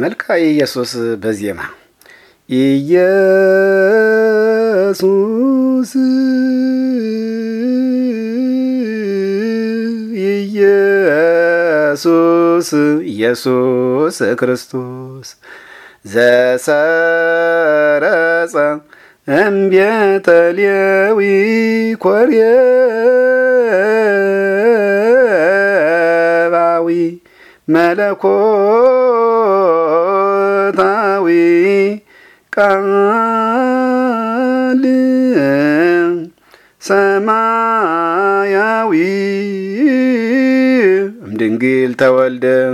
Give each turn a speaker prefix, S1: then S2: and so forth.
S1: መልካ ኢየሱስ በዜማ ኢየሱስ
S2: ኢየሱስ ኢየሱስ ክርስቶስ ዘሰረጸ እምቤተ ሌዊ ኮሬባዊ መለኮ ቃል ሰማያዊ
S3: እምድንግል ተወልደ